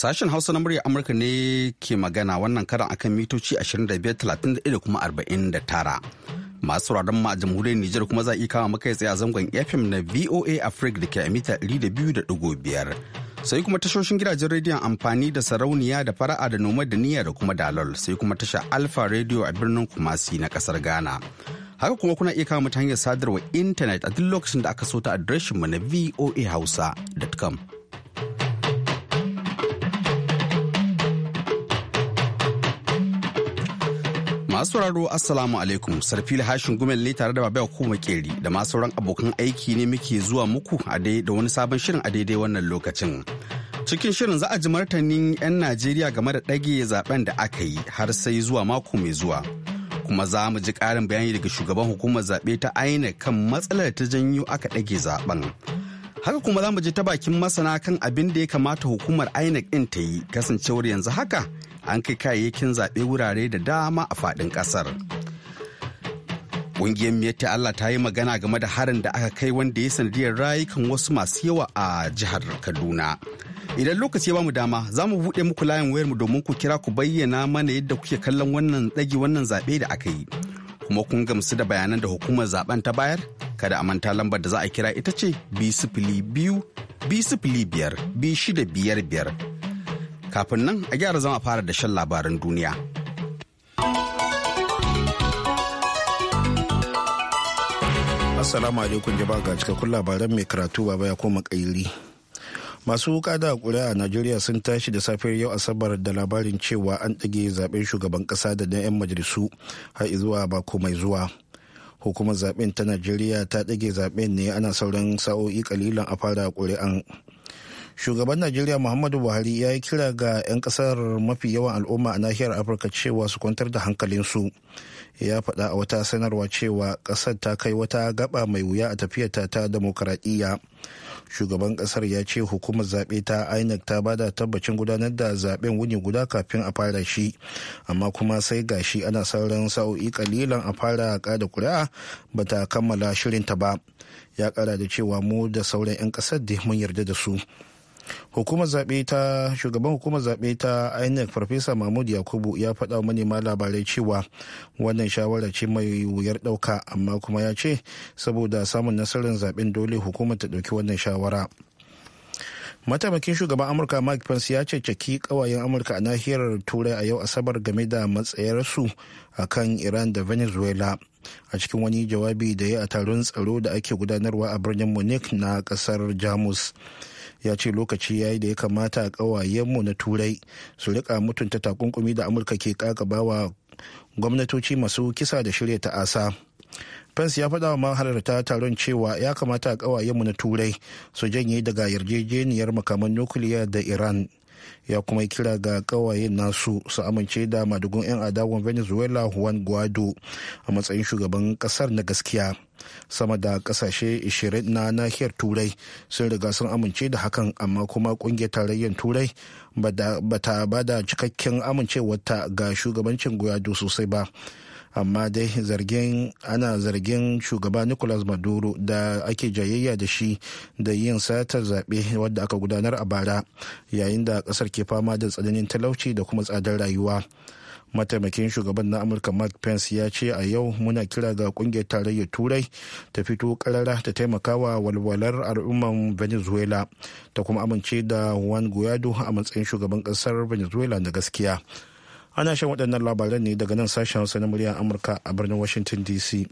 Sashen Hausa na murya Amurka ne ke magana wannan karan akan mitoci 25,31 da kuma 49. Masu sauraron ma a jamhuriyar Nijar kuma za a iya kama maka tsaye a zangon FM na VOA Africa da ke a mita 200.5. Sai kuma tashoshin gidajen rediyon amfani da sarauniya da fara'a da noma da niyya da kuma dalol sai kuma tasha Alfa rediyo a birnin Kumasi na kasar Ghana. Haka kuma kuna iya kama ta hanyar sadarwa intanet a duk lokacin da aka so ta adireshinmu na voahausa.com. Masu sauraro Assalamu alaikum sarfil hashin gumel ne tare da babu kuma makeri da masu sauran abokan aiki ne muke zuwa muku a da wani sabon shirin a daidai wannan lokacin. Cikin shirin za a ji martanin 'yan Najeriya game da ɗage zaben da aka yi har sai zuwa mako mai zuwa. Kuma za mu ji ƙarin bayani daga shugaban hukumar zaɓe ta INEC kan matsalar ta janyo aka ɗage zaben. haka kuma za mu ji ta bakin masana kan abin da ya kamata hukumar inec ɗin ta yi kasancewar yanzu haka an kai kayayyakin zaɓe wurare da dama a faɗin ƙasar. Ƙungiyar Miyatta Allah ta yi magana game da harin da aka kai wanda ya sanadiyar rayukan wasu masu yawa a jihar Kaduna. Idan lokaci ya bamu dama, za mu buɗe muku layin wayar mu domin ku kira ku bayyana mana yadda kuke kallon wannan ɗage wannan zaɓe da aka yi. Kuma kun gamsu da bayanan da hukumar zaɓen ta bayar? Kada a manta lambar da za a kira ita ce biyu sifili biyu biyu sifili biyar biyu shida biyar biyar Kafin nan a gyara zama fara da shan labaran duniya. Assalamu alaikum jama'a ga cikakkun labaran mai karatu ba ya koma kairi. masu wuka da kuri'a a najeriya sun tashi da safiyar yau asabar da labarin cewa an ɗage zaɓen shugaban ƙasa da na 'yan majalisu har zuwa bako mai zuwa hukumar zaɓen ta najeriya ta ɗage zaɓen ne ana sauran sa'o'i ƙalilan a fara kuri'an shugaban najeriya muhammadu buhari ya yi kira ga 'yan kasar mafi yawan al'umma a nahiyar afirka cewa su kwantar da hankalinsu ya faɗa a wata sanarwa cewa ƙasar ta kai wata gaba mai wuya a tafiyarta ta demokaradiyya shugaban ƙasar ya ce hukumar zaɓe ta inec ta bada tabbacin gudanar da zaɓen wuni guda kafin a fara shi amma kuma sai gashi ana sauran sa'o'i kalilan a fara ƙada kuri'a ba ta kammala shirinta ba ya kara da cewa mu da sauran 'yan ƙasar da mun yarda da su hukumar zaɓe ta shugaban hukumar zaɓe ta inec farfesa mahmud yakubu ya faɗa manema labarai cewa wannan shawara ce mai wuyar ɗauka amma kuma ya ce saboda samun nasarar zaɓen dole hukumar ta ɗauki wannan shawara mataimakin shugaban amurka mike pence ya ceceki kawayen amurka a nahiyar turai a yau asabar game da matsayarsu a kan iran da venezuela a cikin wani jawabi da ya a taron tsaro da ake gudanarwa a birnin munich na kasar jamus ya ce lokaci ya yi da ya kamata mu na turai su rika mutunta takunkumi da amurka ke kakabawa gwamnatoci masu kisa da shirya ta'asa pence ya faɗa wa mahalarta taron cewa ya kamata mu na turai su janye daga yarjejeniyar makaman nukiliya da iran ya kuma kira ga ƙawayen nasu su amince da madugun 'yan adawan venezuela juan guaido a matsayin shugaban kasar na gaskiya sama da kasashe 20 na nahiyar turai sun riga sun amince da hakan amma kuma kungiyar tarayyar turai ba ta ba cikakken amincewarta ga shugabancin guaido sosai ba amma dai zargin ana zargin shugaba nicolas maduro da ake jayayya da shi da yin satar zaɓe wadda aka gudanar a bara yayin da ƙasar ke fama da tsananin talauci da kuma tsadar rayuwa mataimakin shugaban na amurka mark pence ya ce a yau muna kira ga kungiyar tarayyar turai ta fito karara ta taimaka wa walwalar al'umman venezuela ta kuma amince da juan guaido a matsayin shugaban kasar venezuela na gaskiya ana shan waɗannan labaran ne daga nan sashen hausa na muryar amurka a birnin washington dc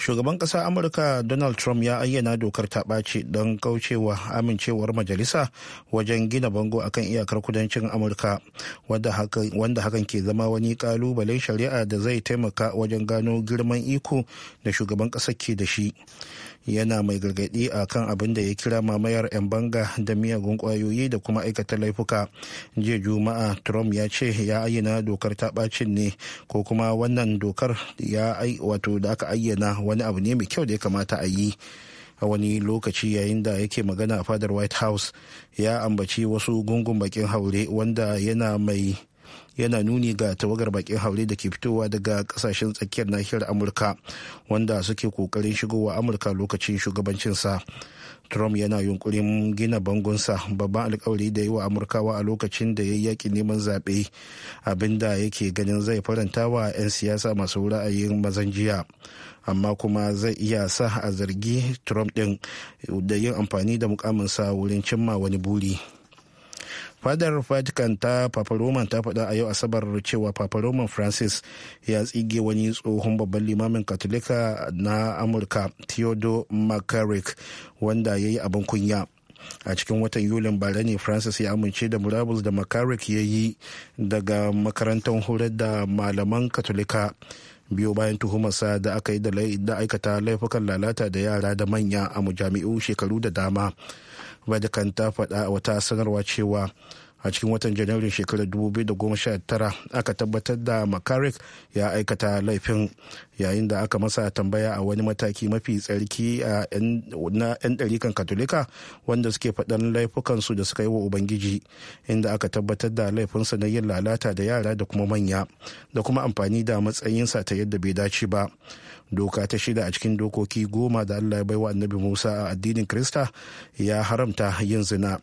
shugaban ƙasa amurka donald trump ya ayyana dokar ta ɓaci don kaucewa amincewar majalisa wajen gina bango a kan iyakar kudancin amurka wanda hakan ke zama wani ƙalubalen shari'a da zai taimaka wajen gano girman iko da shugaban ƙasar ke da shi yana mai gargaɗi a kan abin da ya kira mamayar 'yan banga da miyagun kwayoyi da kuma aikata laifuka jiya juma'a trump ya ce ya ayyana dokar ta bacin ne ko kuma wannan dokar ya wato da aka ayyana wani abu ne mai kyau da ya kamata a yi a wani lokaci yayin da yake magana a fadar white house ya ambaci wasu gungun bakin haure wanda yana mai yana nuni ga tawagar bakin haure da ke fitowa daga kasashen tsakiyar nahiyar amurka wanda suke kokarin shigowa amurka lokacin shugabancinsa trump yana yunkurin gina bangonsa babban alkawari da yi wa amurkawa a lokacin da ya yi yakin neman zaɓe abinda yake ganin zai faranta wa 'yan siyasa masu ra'ayin mazan jiya amma kuma zai iya sa a zargi trump ɗin da yin amfani da mukaminsa wurin cimma wani buri. fadar vatican ta papa roman ta faɗa a yau asabar cewa papa roman francis ya tsige wani tsohon babban limamin katolika na amurka theodore mccarrick wanda ya yi abin kunya a cikin watan yulin bara ne francis ya amince da murabus da mccarrick ya yi daga makarantar horar da malaman katolika biyo bayan tuhumarsa da aka yi da aikata laifukan lalata da yara da manya a mujami'u shekaru da dama vatican ta faɗa a wata sanarwa cewa a cikin watan janairun shekarar 2019 aka tabbatar da makarik ya aikata laifin yayin da aka masa tambaya a wani mataki mafi tsarki na 'yan ɗarikan katolika wanda suke faɗan laifukansu da suka yi wa ubangiji inda aka tabbatar da laifinsa na yin lalata da yara da kuma manya da kuma amfani da matsayinsa ta yadda bai dace ba doka ta shida a cikin dokoki goma da allah ya baiwa annabi musa a addinin krista ya haramta yin zina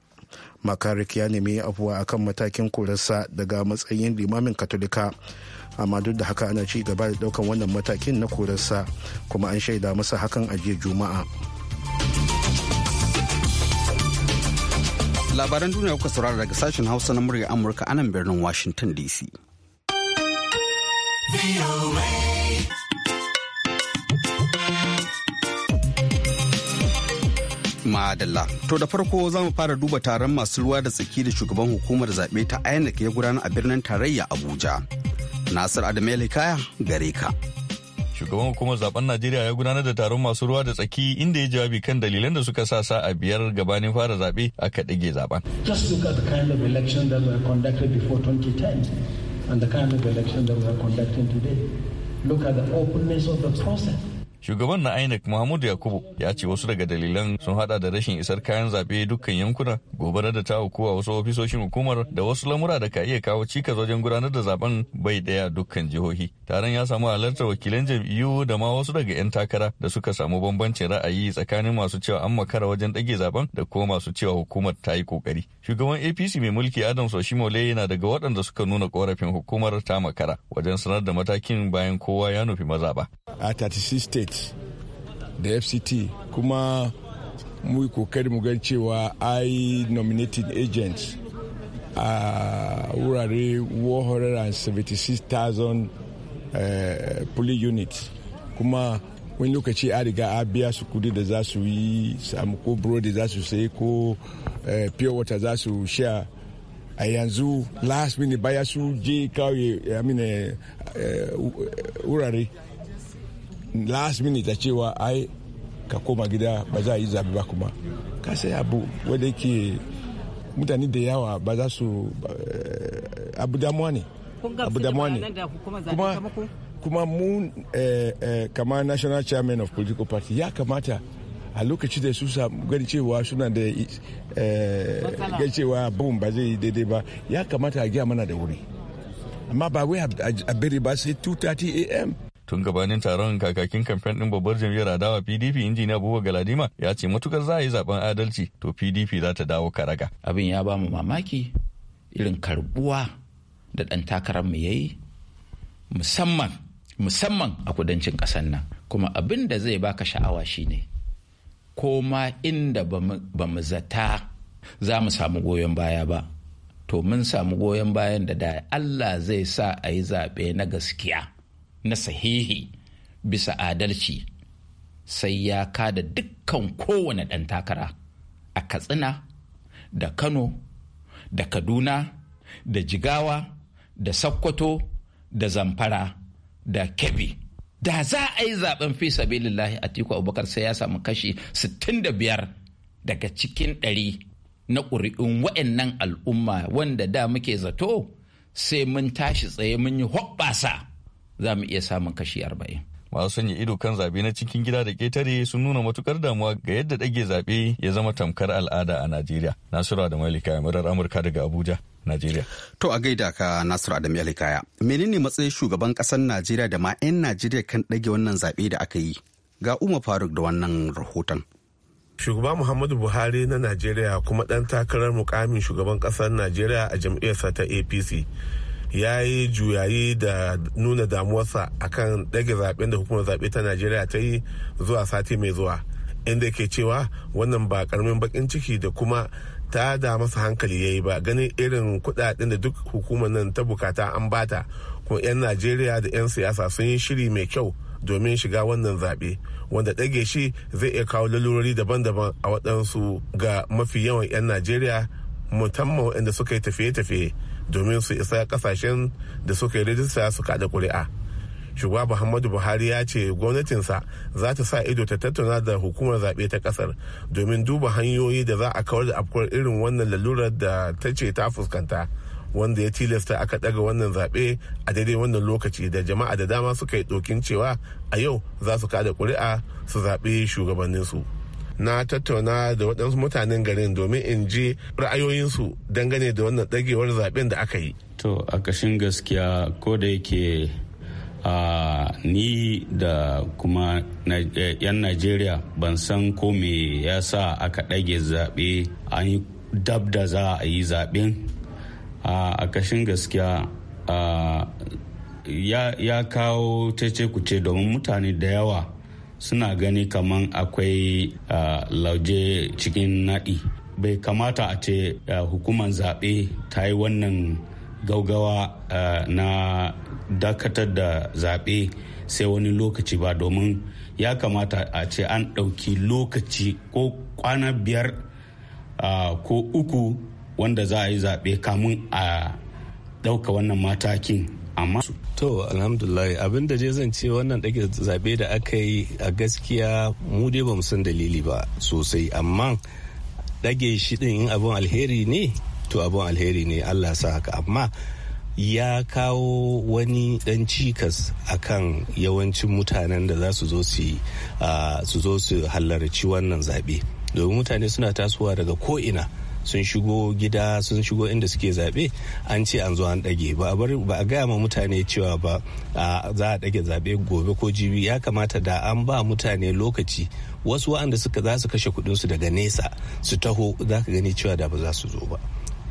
makarik ya nemi afuwa akan matakin korarsa daga matsayin limamin katolika amma duk da haka ana ci gaba da daukan wannan matakin na korarsa kuma an shaida masa hakan a jiya juma'a labaran duniya kuka saurara daga sashen hausa na murya amurka anan birnin washington dc Madalla. To da farko za mu fara duba taron masu ruwa da tsaki da shugaban hukumar zaɓe ta INEC ya gudanar a birnin tarayya Abuja. Nasir Adamel Hikaya gare ka. Shugaban hukumar zaben Najeriya ya gudanar da taron masu ruwa da tsaki inda ya jawabi kan dalilan da suka sa sa a biyar gabanin fara zaɓe aka ɗage zaben. Just look at the kind of election that were conducted before 2010 and the kind of election that we are conducting today. Look at the openness of the process. shugaban na inec muhammadu yakubu ya ce wasu daga dalilan sun hada da rashin isar kayan zaɓe dukkan yankuna gobara da ta hukuwa a wasu ofisoshin hukumar da wasu lamura da ka iya kawo cikas wajen gudanar da zaben bai daya dukkan jihohi taron ya samu halartar wakilan jam'iyyu da ma wasu daga 'yan takara da suka samu bambancin ra'ayi tsakanin masu cewa an makara wajen ɗage zaben da kuma masu cewa hukumar ta yi kokari shugaban apc mai mulki adams soshimole yana daga waɗanda suka nuna korafin hukumar ta makara wajen sanar da matakin bayan kowa ya nufi mazaɓa a state da fct kuma mu yi kokari mu gan cewa i nominating agent a wurare 176,000 eh, puli units kuma wani lokaci a riga a biya su kudi da za su yi samu ko burodi za su sayi ko eh, pure water za su sha a yanzu last minute baya su je kawai eh, wurare last minute a cewa ai ka koma gida ba za a yi zabe ba kuma ka sai abu wadda yake mutane da yawa ba za su eh, abu damuwa ne abu damuwa ne kuma kuma mu eh, eh, kama national chairman of political party ya kamata a lokaci da su gani cewa suna da gani cewa bom ba zai daidai ba ya kamata a gaya mana da wuri amma ba wai a bere ba sai 2:30 am tun gabanin taron kakakin kamfen din babbar jam'iyyar adawa pdp injiniya abubuwa galadima ya ce matukar za a yi zaben adalci to pdp za ta dawo karaga abin ya ba mu mamaki irin karbuwa da ɗan takararmu ya yi musamman musamman a kudancin ƙasar nan kuma abin da zai baka sha'awa shine ko ma inda ba mu zata za mu samu goyon baya ba to mun samu goyon bayan da da Allah zai sa a yi zaɓe na gaskiya na sahihi bisa adalci sai ya kada dukkan kowane ɗan takara a katsina da kano da kaduna da jigawa da sakkwato da zamfara da kebbi da za a yi zaben fi sabilillahi atiku abubakar sai ya samu kashi 65 daga cikin ɗari na ƙuri'un wa'annan al'umma wanda da muke zato sai mun tashi tsaye mun yi hoɓɓasa za mu iya samun kashi arba'in. masu sanya ido kan zaɓe na cikin gida da ketare sun nuna matukar damuwa ga yadda dage zabe ya zama tamkar al'ada a Najeriya. Nasiru adamu alikaya murar Amurka daga Abuja, Najeriya. To a gaida ka Nasiru adamu alikaya Menene matsayin shugaban ƙasar Najeriya da ma 'yan Najeriya kan ɗage wannan zaɓe da aka yi? Ga Umar Faruk da wannan rahoton. shugaba muhammadu buhari na najeriya kuma dan takarar mukamin shugaban ƙasar najeriya a jam'iyyarsa ta apc ya yi juyayi da nuna damuwarsa a kan ɗage zaɓen da hukumar zaɓe ta najeriya ta yi zuwa sati mai zuwa inda ke cewa wannan ba karamin bakin ciki da kuma ta da masa hankali ya yi ba ganin irin kudaden da duk hukumar nan ta bukata an bata kuma 'yan najeriya da 'yan siyasa sun yi shiri mai kyau domin shiga wannan zaɓe wanda ɗage shi zai iya kawo lalurori daban-daban a waɗansu ga mafi yawan 'yan najeriya musamman waɗanda suka yi tafiye-tafiye domin su isa kasashen da suka yi rajista su kada kuri'a shugaba muhammadu buhari ya ce gwamnatinsa za ta sa ido ta tattauna da hukumar zaɓe ta ƙasar domin duba hanyoyi da za a kawar da afkuwar irin wannan lalurar da ta ce ta fuskanta wanda ya tilasta aka ɗaga wannan zaɓe a daidai wannan lokaci da jama'a da dama suka yi ɗokin cewa a yau za su kada ƙuri'a su zaɓe shugabanninsu. na tattauna da waɗansu mutanen garin domin in ji ra'ayoyinsu dangane da wannan ɗagewar zaɓen da aka yi to a ƙashin gaskiya ko da yake ni da kuma 'yan najeriya ban san ko me ya sa aka ɗage zaɓe an yi dab da za a yi zaɓen a kashin gaskiya ya ya, ce kawo ku kuce domin mutane da yawa suna gani kaman akwai lauje cikin naɗi bai kamata a ce hukumar zaɓe ta yi wannan gaugawa na dakatar da zaɓe sai wani lokaci ba domin ya kamata a ce an ɗauki lokaci ko kwana biyar ko uku wanda za a yi zaɓe kamun a ɗauka wannan matakin amma to alhamdulillah abin da je zan ce wannan dake zabe da aka yi a gaskiya mu dai bamu san dalili ba sosai amma dage shi din in abin alheri ne to abin alheri ne Allah sa haka amma ya kawo wani dan cikas akan yawancin mutanen da za su zo su zo su hallarci wannan zaɓe domin mutane suna tasowa daga ko'ina sun shigo gida sun shigo inda suke zaɓe an ce an zo an ɗage ba a gaya ma mutane cewa ba za a ɗage zaɓe gobe ko jibi ya kamata da an ba mutane lokaci wasu waɗanda suka za su kashe kuɗinsu daga nesa su taho za ka gani cewa da ba za su zo ba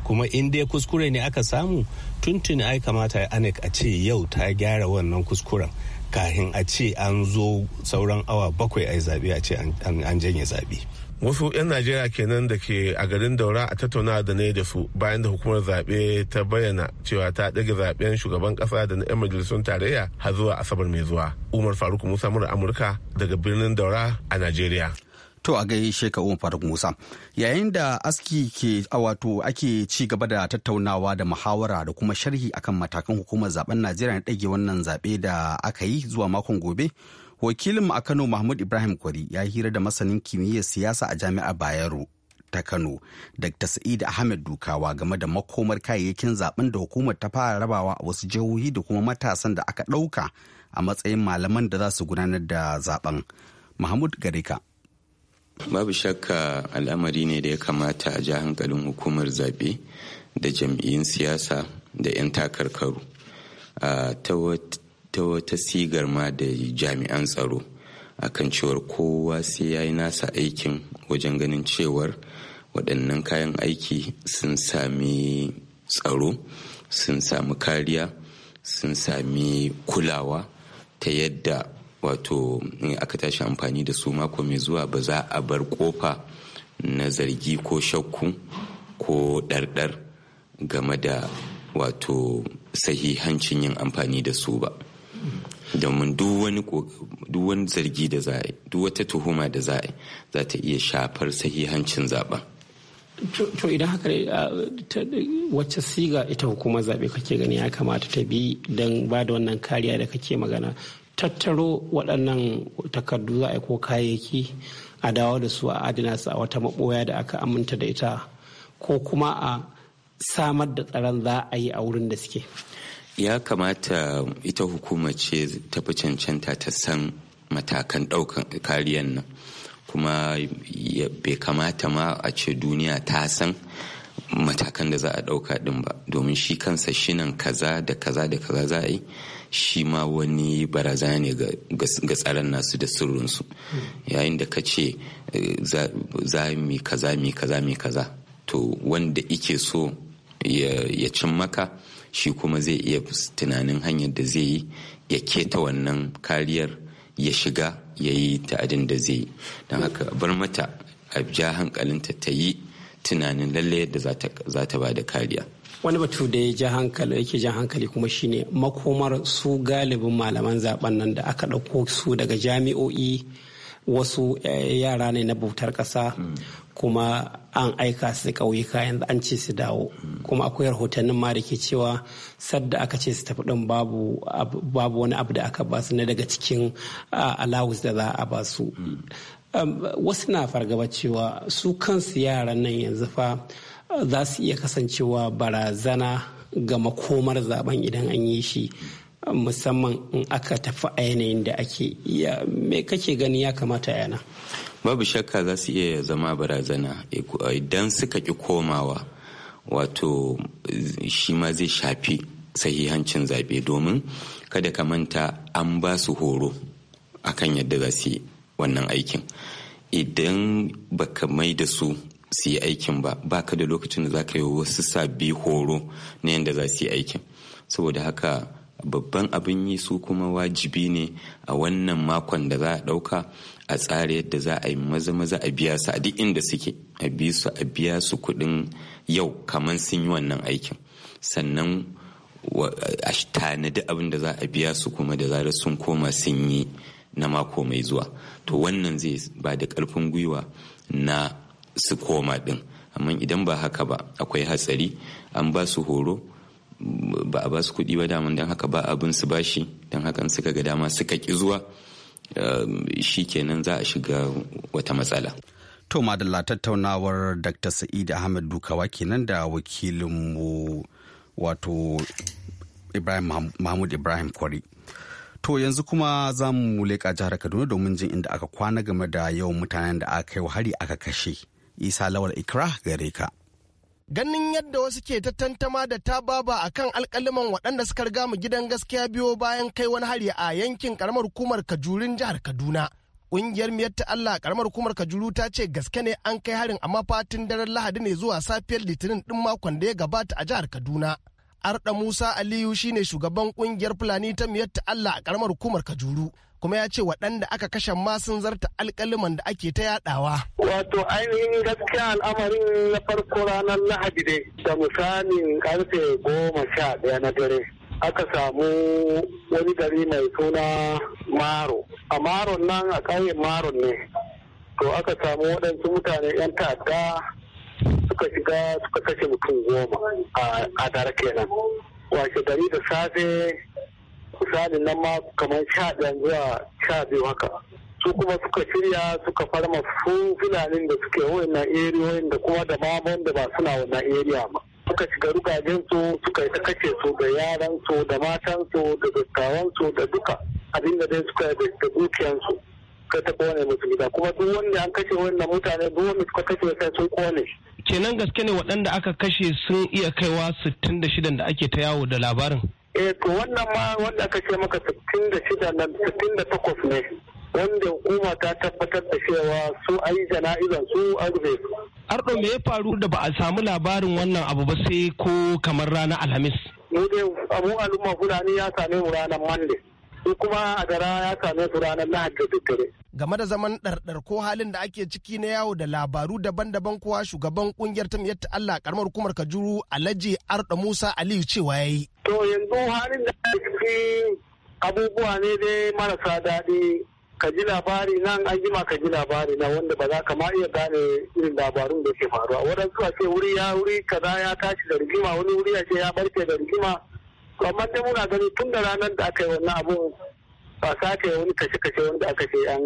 kuma in dai kuskure ne aka samu tuntuni ai kamata anek a ce yau ta gyara wannan kuskuren kahin a ce an zo sauran awa bakwai ayi zaɓe a ce an janye zaɓe. wasu 'yan najeriya kenan da ke a garin daura a tattauna da ne da su bayan da hukumar zaɓe ta bayyana cewa ta ɗage zaɓen shugaban ƙasa da na 'yan majalisun tarayya har zuwa asabar mai zuwa umar faruk musa mura amurka daga birnin daura a najeriya to a gai sheka umar faruk musa yayin da aski ke wato ake ci gaba da tattaunawa da muhawara da kuma sharhi akan matakan hukumar zaben najeriya na ɗage wannan zaɓe da aka yi zuwa makon gobe wakilinmu a kano mahmud ibrahim kwari ya hira da masanin kimiyyar siyasa a jami'ar bayero ta kano dr sa'id ahmed dukawa game da makomar kayayyakin zaben da hukumar ta fara rabawa a wasu jihohi da kuma matasan da aka ɗauka a matsayin malaman da za su gudanar da zaben mahmud gareka babu shakka al'amari ne da ya kamata a ji hankalin hukumar zaɓe da jam'iyyun siyasa da 'yan takarkaru ta wata sigar ma da jami'an tsaro akan cewar kowa sai ya yi nasa aikin wajen ganin cewar waɗannan kayan aiki sun sami tsaro sun sami kariya sun sami kulawa ta yadda wato in aka tashi amfani da su mako mai zuwa ba za a bar kofa na zargi ko shakku ko ɗarɗar game da wato sahihancin yin amfani da su ba. domin duk wani zargi da za a duk wata tuhuma da za a za ta iya shafar sahihancin zaben to idan haka wacce siga ita hukumar zaɓe kake gani ya kamata ta bi don ba da wannan kariya da kake magana tattaro waɗannan takardu za a yi ko kayayyaki a dawo da su a adana su a wata maɓoya da aka aminta da ita ko kuma a samar da tsaron za a yi a wurin da suke ya kamata ita hukuma ce ta fi cancanta ta san matakan ɗaukan kariyan nan kuma bai kamata ma a ce duniya ta san matakan da za a ɗauka ɗin ba domin shi kansa shinan kaza da kaza da kaza za a yi shi ma wani baraza ne ga tsaron nasu da sirrinsu yayin da ka ce eh, za mi kaza mi kaza mi kaza to wanda ike so ya cin maka shi kuma zai iya tunanin hanyar da zai yi ya keta wannan kariyar ya shiga ya yi ta'adin da zai yi don haka bar mata a ja hankalinta ta yi tunanin lalle yadda za ta ba da kariya wani batu da ya ja hankali yake jan hankali kuma shine makomar su galibin malaman zaben nan da aka ɗauko su daga jami'o'i wasu eh, yara ne na bautar ƙasa kuma an aika su ƙauyuka yanzu an ce su dawo kuma akwai rahotannin ma da ke cewa sadda aka ce su tafi ɗin babu wani abu da aka basu na daga cikin alawus da za a basu wasu na fargaba cewa su kansu yaran nan yanzu fa za su iya kasancewa barazana ga makomar zaben idan an yi shi musamman in aka tafi a yanayin da ake iya me kake gani ya kamata yana babu shakka za su iya zama barazana idan suka ki komawa wato shi ma zai shafi sahihancin zaɓe domin kada ka manta an ba su horo akan yadda za su yi wannan aikin idan baka mai da su su yi aikin ba ba ka da lokacin da za ka yi wasu sabbi horo na yadda za su yi aikin saboda haka babban abin yi su kuma wajibi ne a wannan makon da za a ɗauka a tsara yadda za a yi maza maza a biya su a duk inda suke a bi su a biya su kudin yau kamar sun yi wannan aikin sannan a tanadi abin da za a biya su kuma da zarar sun koma sun yi na mako mai zuwa to wannan zai ba da karfin gwiwa na su koma din amma idan ba haka ba akwai hatsari an ba su horo ba a basu kuɗi ba daman don haka ba abin su bashi don haka suka ga dama suka ƙi zuwa eh, shi kenan za a shiga wata matsala. To madalla tattaunawar Dr. Sa'id Ahmed Dukawa kenan da wakilinmu wato Ibrahim Mahmud Ibrahim Kwari. To yanzu kuma za mu leƙa jihar Kaduna domin jin inda aka kwana game da yawan mutanen da aka yi hari aka kashe. Isa Lawal Ikra gare ka. ganin yadda wasu ke ta tantama da ta baba a kan alkaliman waɗanda suka riga mu gidan gaskiya biyo bayan kai wani hari a yankin karamar hukumar kajurin jihar kaduna ƙungiyar miyar ta allah karamar hukumar kajuru ta ce gaske ne an kai harin amma fatin daren lahadi ne zuwa safiyar litinin ɗin makon da ya gabata a jihar kaduna arda musa aliyu shine shugaban ƙungiyar fulani ta miyar ta allah a karamar hukumar kajuru kuma ya ce waɗanda aka kashe ma sun zarta alƙaliman da ake ta yaɗawa. Wato ainihin gaskiya al'amarin na farko ranar Lahadi dai da misalin karfe goma sha ɗaya na dare. Aka samu wani gari mai suna Maro. A Maron nan a ƙauyen Maron ne. To aka samu waɗansu mutane 'yan ta'adda suka shiga suka kashe mutum goma a dare kenan. Wace gari da safe misali nan ma kamar sha ɗan zuwa sha biyu haka su kuma suka shirya suka farma su filanin da suke na eriyoyin da kuma da mamon da ba suna wannan eriya ba suka shiga rugajen su suka yi ta kace su da yaran su da matan su da dattawan su da duka abin da dai suka yi da dukiyan su suka ta kone musu gida kuma duk wanda an kashe wannan mutane duk wanda suka kashe sai sun kone kenan gaske ne waɗanda aka kashe sun iya kaiwa sittin da shidan da ake ta yawo da labarin eh to wannan ma wanda aka ce maka 66 nan 68 ne wanda hukuma ta tabbatar da cewa su a yi jana'izan su an rufe su. Arɗo me ya faru da ba a samu labarin wannan abu ba sai ko kamar ranar Alhamis? Mu dai abu al'umma Fulani ya same mu ranar Mande. su kuma a gara ya same su ranar lahadi da game da zaman ɗarɗar ko halin da ake ciki na yawo da labaru daban-daban kuwa shugaban kungiyar ta miyatta Allah karamar hukumar Kajuru Alhaji Arda Musa Aliyu cewa ya yi. To yanzu halin da ake ciki abubuwa ne dai marasa daɗi ka ji labari nan an jima ka ji labari na wanda ba za ka ma iya gane irin labarun da ke faruwa wadansu a ce wuri ya wuri kaza ya tashi da rigima wani wuri a ce ya barke da rigima kamar dai muna gani tun da ranar da aka yi wannan abun ba sa ka wani kashe-kashe wanda aka ce an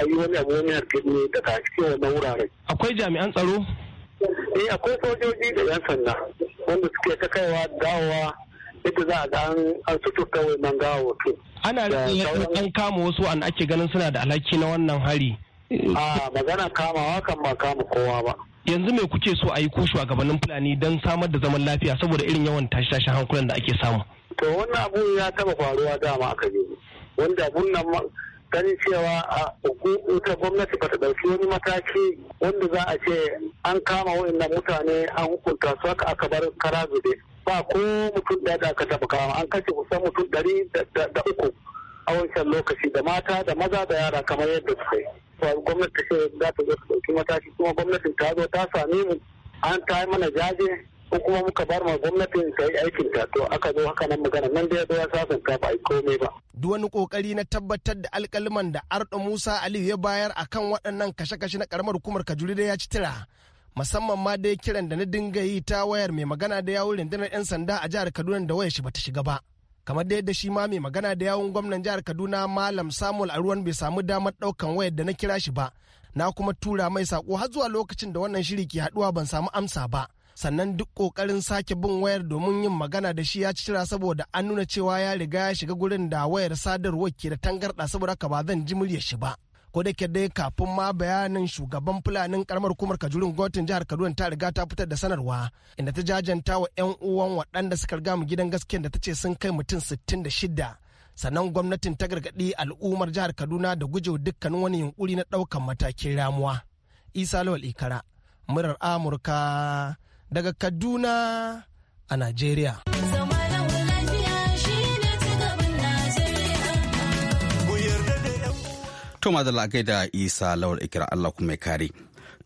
ayi wani abu wani ne daga cikin wannan wuraren. Akwai jami'an tsaro? Eh akwai sojoji da 'yan sanda wanda suke ta kaiwa dawowa yadda za a ga an sutu kawai man gawa wato. Ana rikin an kama wasu an ake ganin suna da alhaki na wannan hari. A magana kamawa kan ba kama kowa ba. yanzu me kuke so a yi a shugabannin fulani don samar da zaman lafiya saboda irin yawan tashi-tashi hankulan da ake samu to wannan abu ya taba faruwa dama aka yi wanda abun nan ganin cewa a ita gwamnati bata ɗauki wani mataki wanda za a ce an kama wa'annan mutane an hukunta su haka aka bar kara zube ba ko mutum ɗaya da aka taba kama an kashe kusan mutum ɗari da uku a wancan lokaci da mata da maza da yara kamar yadda suka yi gwamnati ta ce za ta zo ta ɗauki mataki kuma gwamnatin ta zo ta same mu an ta yi mana jaje ko kuma muka bar ma gwamnatin ta yi aikin ta to aka zo haka nan magana nan da ya zo ya sasanta ba a yi komai ba. Duk wani kokari na tabbatar da alkaliman da Arɗo Musa Aliyu ya bayar akan waɗannan kashe-kashe na karamar hukumar Kajuri da ya ci tira. musamman ma dai kiran da na dinga yi ta wayar mai magana da yawun rundunar 'yan sanda a jihar kaduna da wayar shi bata shiga ba kamar da shi ma mai magana da yawun gwamnan jihar kaduna malam samuel aruwan bai samu damar ɗaukan wayar da na kira shi ba na kuma tura mai sako har zuwa lokacin da wannan shiri ke haɗuwa ban samu amsa ba sannan duk kokarin sake bin wayar domin yin magana da shi ya ci cira saboda an nuna cewa ya riga ya shiga gurin da wayar sadarwar ke da tangarɗa saboda haka ba zan ji muryar shi ba ko da ke dai kafin ma bayanin shugaban fulanin karamar hukumar kajurin gotin jihar kaduna ta riga ta fitar da sanarwa inda ta jajanta wa 'yan uwan waɗanda suka riga mu gidan gaskiya da ta ce sun kai mutum 66 sannan gwamnatin ta gargaɗi al'ummar jihar kaduna da gujewa dukkanin wani yunkuri na ɗaukan matakin ramuwa isa lawal ikara murar amurka daga Kaduna a Najeriya. To ma da Isa Lawal Ikira Allah kuma ya kare.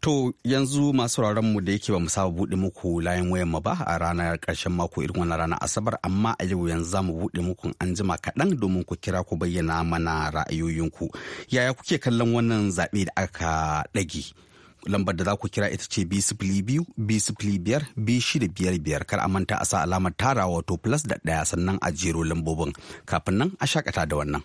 To yanzu masu mu da yake ba mu saba buɗe muku layin wayan mu ba a ranar ƙarshen mako irin wannan rana Asabar amma a yau yanzu za mu buɗe muku an jima kaɗan domin ku kira ku bayyana mana ra'ayoyinku. Yaya kuke kallon wannan zaɓe da aka ɗage? lambar da za ku kira ita ce biyu biyar biyar kar a manta a sa alamar tara wato plus da ɗaya sannan a jero lambobin kafin nan a shakata da wannan.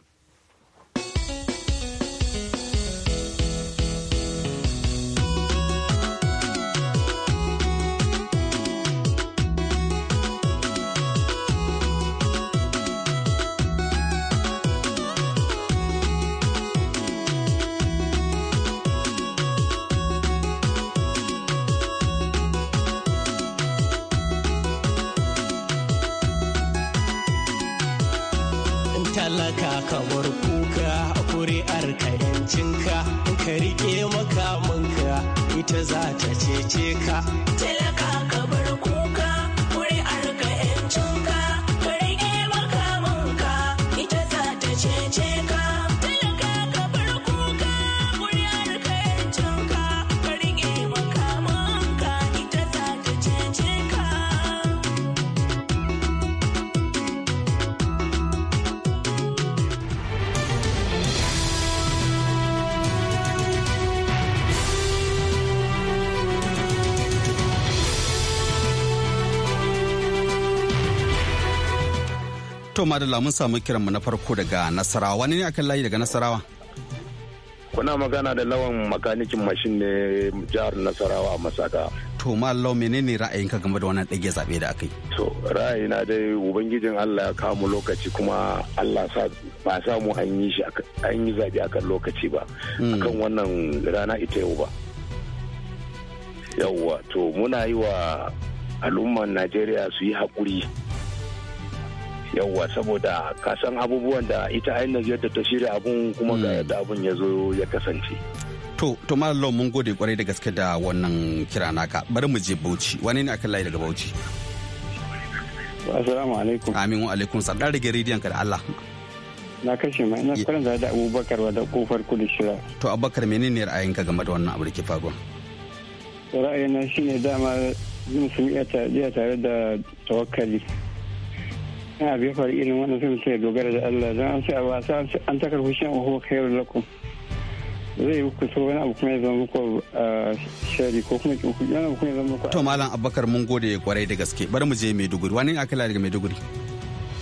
ka riƙe makamanka ita za ta cece ka. To Madalla mun samu kiranmu na farko daga Nasarawa. Wani ne akan layi daga Nasarawa? Kuna magana da lawan makanikin mashin ne jihar Nasarawa a Masaka. To Mallau menene ra'ayinka game da wannan ɗage zaɓe da aka yi? To ra'ayina dai Ubangijin Allah ya kamu lokaci kuma Allah sa ba samu an yi shi an yi zaɓe akan lokaci ba. Hmm. Akan wannan rana ita yau ba. Yawwa to muna yi wa al'umman Najeriya su yi haƙuri. yawwa saboda ka san abubuwan da ita ainihin yadda ta shirya abun kuma ga hmm. yadda abun ya zo ya kasance to to malam mun gode kwarai da gaske da wannan kira naka bari mu je bauchi wani ne akan layi daga bauchi assalamu alaikum amin wa alaikum salam rage rediyon ka da Allah na kashe ma ina kwarin da da abubakar wa da kofar kudu shira to abubakar menene ra'ayinka game da wannan abu da ke faruwa ra'ayina shine dama musulmi iya tare da tawakkali ina bai faru irin wannan fim sai dogara da Allah don an sai a wasa an takar fushin oho khairul lakon zai yi kusa wani abu kuma ya zama muku ah, shari ko kuma wani abu kuma ya zama muku to malam abubakar mun gode kwarai da gaske bari mu je maiduguri wani akala daga maiduguri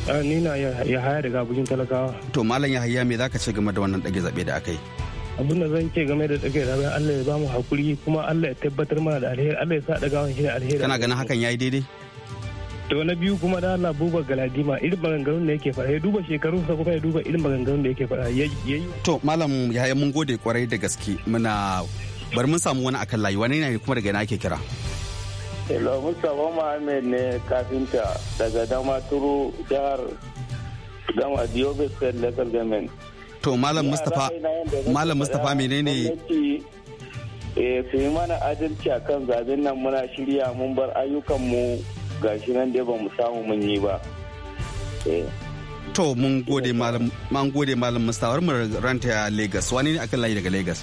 ah, ni na ya haya daga abujan talakawa to malam ya haya me zaka ce game da wannan dage zabe da aka yi abin da zan ce game da dage zabe Allah ya bamu hakuri kuma Allah ya tabbatar mana da alheri Allah ya sa daga wani alheri kana ganin hakan yayi daidai to na biyu kuma da Allah buba galadima irin maganganun da yake faɗa ya duba shekarun sa kuma ya duba irin maganganun da yake faɗa ya yi to malam yaya mun gode kwarai da gaske muna bari mun samu wani akan layi wani ne kuma daga ina ake kira Hello, Mustapha Muhammad ne kafinta daga Damaturu jihar Gama Diobe State Local Government. To Malam Mustapha, Malam Mustapha menene eh su yi mana adalci akan zaben nan muna shirya mun bar ayyukanmu gashi nan dai ba mu samu mun yi ba eh. to mun gode malam mun gode malam mustawar mu ranta ya Lagos wani ne akan layi daga Lagos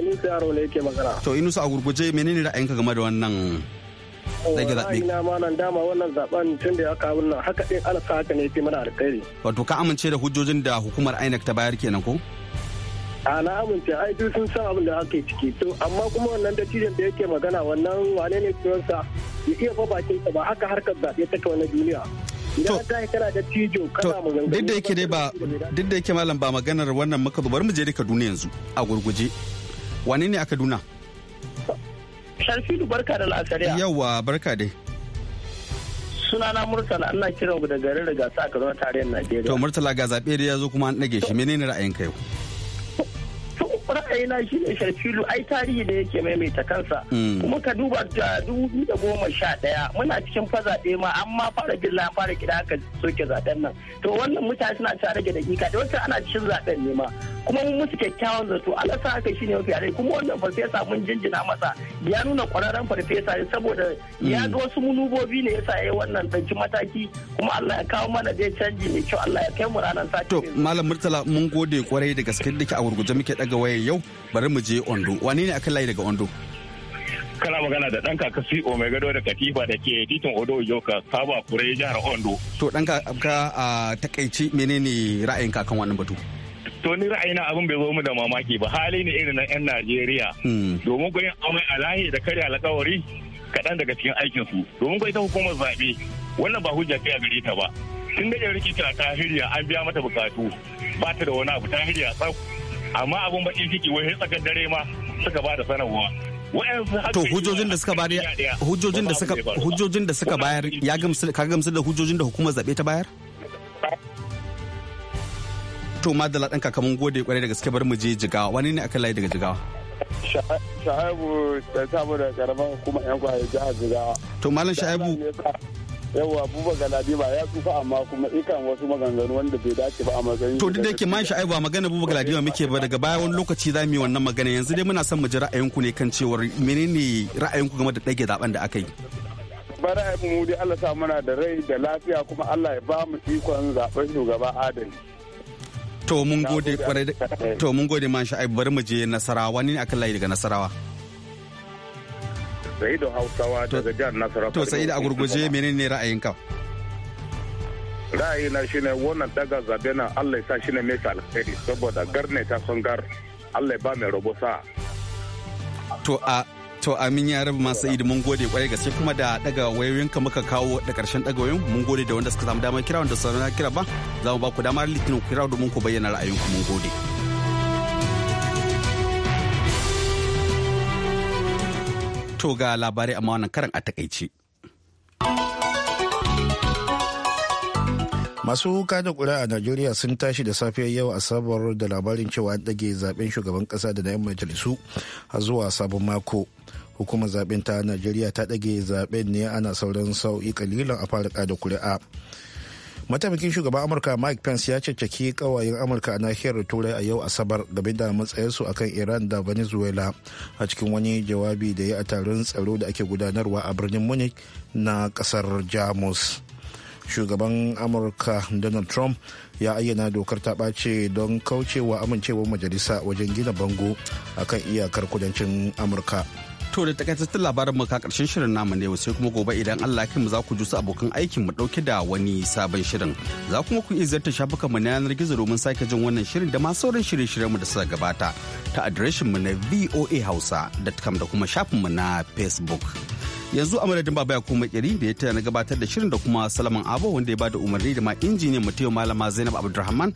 Inusa yaro ne yake magana to inu a gurguje menene ra'ayinka game da wannan rage oh, zaɓe. Ina ma nan dama wannan zaɓen tun da ya kawo nan haka ɗin ana haka ne yake mana alƙairi. Wato ka amince da hujjojin da hukumar INEC ta bayar kenan ko? A na amince ai duk sun san abin da ake ciki to amma kuma wannan dattijan da yake magana wannan wane ne sunansa? ya iya fa bakin ba haka harkar zaɓe ta wani duniya to duk da yake dai ba duk da yake malam ba maganar wannan muka bari mu je ka Kaduna yanzu a gurguje wane ne a Kaduna Sharfidu barka da la'asariya yawa barka dai sunana Murtala ana kiran ku da garin Rigasa a Kaduna tarayyar Najeriya to Murtala ga zaɓe da ya zo kuma an ɗage shi menene ra'ayinka yau ra'ayina shi ne sharfilu ai tarihi da yake maimaita kansa mm. kuma ka duba da dubu biyu da goma sha ɗaya muna cikin faza ɗaya ma amma fara billa fara kiɗa aka soke zaɓen nan to wannan mutane suna ta rage dakika da wata ana cikin zaɓen ne ma kuma mun musu kyakkyawan zato alasa haka shi ne mafi alai kuma wannan farfesa mun jinjina masa ya nuna kwararren farfesa ne saboda mm. ya ga wasu munubobi ne yasa ya yi wannan ɗauki mataki kuma Allah ya kawo mana dai canji mai kyau Allah ya kai mu ranar sati. To Malam Murtala mun gode kwarai da gaske da ke a gurguje muke ɗaga waya tambayar yau bari mu je Ondo. wani ne akan layi daga Ondo? Kana magana da ɗan kaka o mai gado da katifa da ke titin Odo Joka Saba Kure jihar Ondo. To ɗan kaka a takaici menene ra'ayinka kan wannan batu? to ni ra'ayi na abin bai zo mu da mamaki ba hali ne irin na 'yan Najeriya hmm. domin ko yin amai alahi da karya alƙawari kaɗan daga cikin aikin su domin ko ita hukumar zaɓe wannan ba hujja ce a gare ta ba tun da ya rikici a hirya an biya mata bukatu ba ta da wani abu ta tsaf amma abun bakin ciki wai tsakar dare ma suka ba da sanarwa to hujjojin da suka bayar hujjojin da suka hujjojin da suka bayar ya gamsu ka gamsu da hujjojin da hukumar zabe ta bayar to madalla dan kakamin gode kwarai da gaske bar mu je jigawa wani ne aka layi daga jigawa shaibu da saboda da hukumar yan kwaye jihar jigawa to malam shaibu yawa buba galadi ba ya tsufa amma kuma ikan wasu maganganu wanda bai dace ba a matsayin to duk da yake man sha'ai ba magana buba galadi ba muke ba daga baya wani lokaci za mu yi wannan magana yanzu dai muna son mu ji ra'ayinku ne kan cewar menene ra'ayinku game da ɗage zaben da aka yi ba ra'ayin mu dai Allah sa muna da rai da lafiya kuma Allah ya ba mu ikon zaben shugaba adali to mun gode kwarai to mun gode man sha'ai bari mu je nasarawa ne akan layi daga nasarawa Sa'idu Hausawa daga jihar Nasarawa. To Sa'idu a gurguje menene ra'ayinka? Ra'ayina shine wannan daga zabe na Allah ya sa shine mai alheri saboda garne ta son gar Allah ya ba mai rabo sa. To a To amin ya rabu masu idi mun gode kwarai gaske kuma da daga wayoyinka muka kawo da karshen daga wayoyin mun gode da wanda suka samu damar kira wanda sauran kira ba za mu ba ku damar litinin kira domin ku bayyana ra'ayinku mun gode. To ga labarai amma wannan karan a takaice. Masu wuka da kura a Najeriya sun tashi da safiyar yau sabuwar da labarin cewa an ɗage zaben shugaban ƙasa da na 'yan majalisu a zuwa sabon mako. Hukumar zaben ta Najeriya ta ɗage zaben ne ana sauran sau'i kalilan a fara da kuri'a. mataimakin shugaban amurka mike pence ya caccaki kawayen amurka a nahiyar turai a yau asabar game da matsayinsu akan iran da venezuela a cikin wani jawabi da ya a taron tsaro da ake gudanarwa a birnin munich na kasar jamus shugaban amurka donald trump ya ayyana dokar ta ɓace don kaucewa amincewar majalisa wajen gina bango akan iyakar kudancin amurka To da takaitattun labarin mu karshen shirin namu ne sai kuma gobe idan Allah mu za ku ji su abokan aikin mu dauke da wani sabon shirin. Za kuma ku iya ziyartar shafukan mu na yanar gizo domin sake jin wannan shirin da ma sauran shirye-shiryen mu da suka gabata ta adireshin mu na voahausa.com da kuma shafin mu na Facebook. Yanzu a madadin baba ko kiri da ya tana gabatar da shirin da kuma Salaman Abo wanda ya bada umarni da ma injiniyan mu malama Zainab Abdulrahman.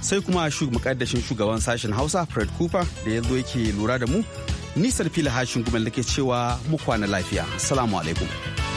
sai kuma shugaban sashen hausa fred cooper da ya yake lura da mu nisar fila hashin gumel da ke cewa mu kwana lafiya salamu alaikum